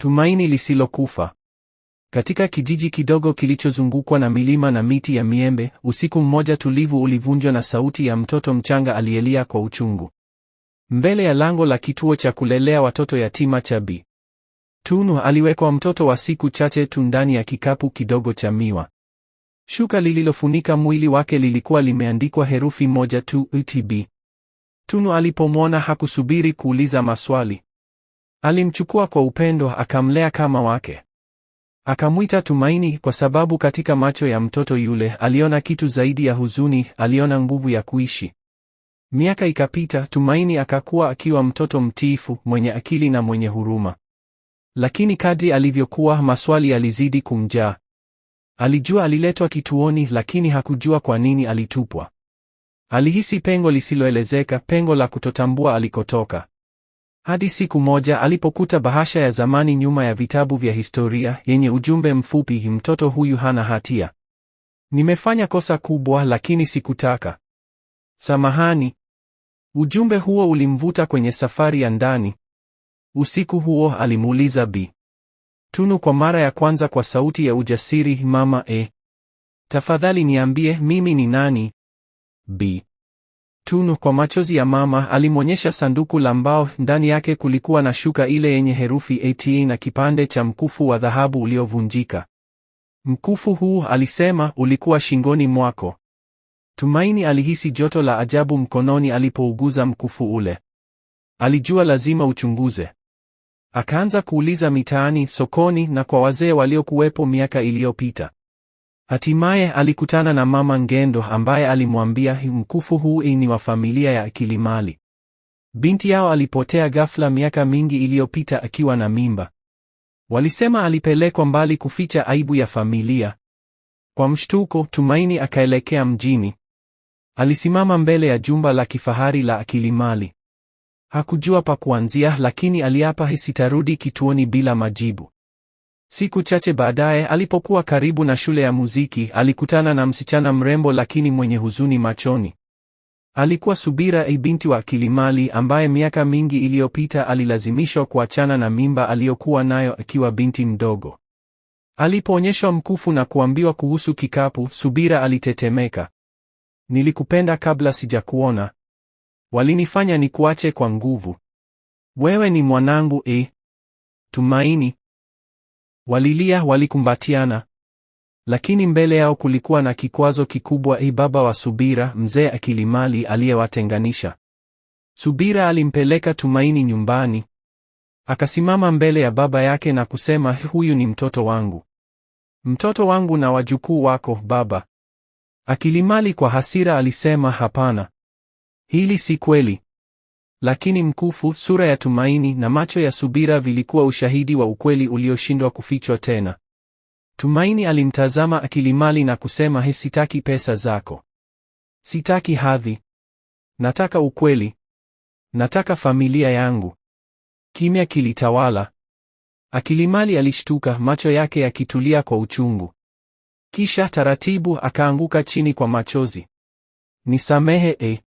Tumaini lisilokufa. Katika kijiji kidogo kilichozungukwa na milima na miti ya miembe, usiku mmoja tulivu ulivunjwa na sauti ya mtoto mchanga aliyelia kwa uchungu mbele ya lango la kituo cha kulelea watoto yatima cha Bi Tunu. Aliwekwa mtoto wa siku chache tu ndani ya kikapu kidogo cha miwa. Shuka lililofunika mwili wake lilikuwa limeandikwa herufi moja tu, UTB. Tunu alipomwona hakusubiri kuuliza maswali. Alimchukua kwa upendo, akamlea kama wake. Akamwita Tumaini kwa sababu katika macho ya mtoto yule aliona kitu zaidi ya huzuni, aliona nguvu ya kuishi. Miaka ikapita, Tumaini akakuwa akiwa mtoto mtiifu, mwenye akili na mwenye huruma. Lakini kadri alivyokuwa, maswali yalizidi kumjaa. Alijua aliletwa kituoni, lakini hakujua kwa nini alitupwa. Alihisi pengo lisiloelezeka, pengo la kutotambua alikotoka hadi siku moja alipokuta bahasha ya zamani nyuma ya vitabu vya historia yenye ujumbe mfupi: mtoto huyu hana hatia, nimefanya kosa kubwa, lakini sikutaka samahani. Ujumbe huo ulimvuta kwenye safari ya ndani. Usiku huo alimuuliza Bi Tunu kwa mara ya kwanza kwa sauti ya ujasiri, mama e, tafadhali niambie mimi ni nani? Bi Tunu kwa machozi ya mama alimwonyesha sanduku la mbao. Ndani yake kulikuwa na shuka ile yenye herufi ata na kipande cha mkufu wa dhahabu uliovunjika. Mkufu huu, alisema, ulikuwa shingoni mwako. Tumaini alihisi joto la ajabu mkononi alipouguza mkufu ule. Alijua lazima uchunguze. Akaanza kuuliza mitaani, sokoni na kwa wazee waliokuwepo miaka iliyopita. Hatimaye alikutana na Mama Ngendo ambaye alimwambia mkufu huu ni wa familia ya Kilimali. Binti yao alipotea ghafla miaka mingi iliyopita akiwa na mimba. Walisema alipelekwa mbali kuficha aibu ya familia. Kwa mshtuko, Tumaini akaelekea mjini. Alisimama mbele ya jumba la kifahari la Akilimali. Hakujua pa kuanzia, lakini aliapa sitarudi kituoni bila majibu. Siku chache baadaye, alipokuwa karibu na shule ya muziki, alikutana na msichana mrembo lakini mwenye huzuni machoni. Alikuwa Subira, i eh, binti wa Kilimali ambaye miaka mingi iliyopita alilazimishwa kuachana na mimba aliyokuwa nayo akiwa binti mdogo. Alipoonyeshwa mkufu na kuambiwa kuhusu kikapu, Subira alitetemeka. Nilikupenda kabla sijakuona. Walinifanya nikuache kwa nguvu. Wewe ni mwanangu, e Tumaini. Walilia, walikumbatiana, lakini mbele yao kulikuwa na kikwazo kikubwa, i ee baba wa Subira, mzee Akilimali aliyewatenganisha. Subira alimpeleka Tumaini nyumbani, akasimama mbele ya baba yake na kusema, huyu ni mtoto wangu, mtoto wangu na wajukuu wako baba. Akilimali kwa hasira alisema, hapana, hili si kweli. Lakini mkufu, sura ya tumaini na macho ya subira vilikuwa ushahidi wa ukweli ulioshindwa kufichwa tena. Tumaini alimtazama Akilimali na kusema, he, sitaki pesa zako, sitaki hadhi, nataka ukweli, nataka familia yangu. Kimya kilitawala. Akilimali alishtuka, macho yake yakitulia kwa uchungu, kisha taratibu akaanguka chini kwa machozi. Nisamehe e,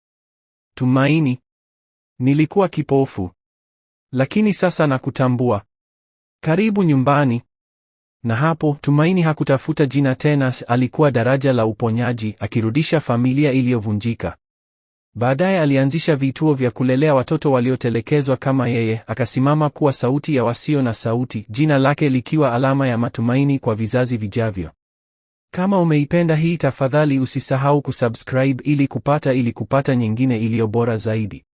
Tumaini, Nilikuwa kipofu, lakini sasa nakutambua. Karibu nyumbani. Na hapo Tumaini hakutafuta jina tena, alikuwa daraja la uponyaji, akirudisha familia iliyovunjika. Baadaye alianzisha vituo vya kulelea watoto waliotelekezwa kama yeye, akasimama kuwa sauti ya wasio na sauti, jina lake likiwa alama ya matumaini kwa vizazi vijavyo. Kama umeipenda hii, tafadhali usisahau kusubscribe ili kupata ili kupata nyingine iliyo bora zaidi.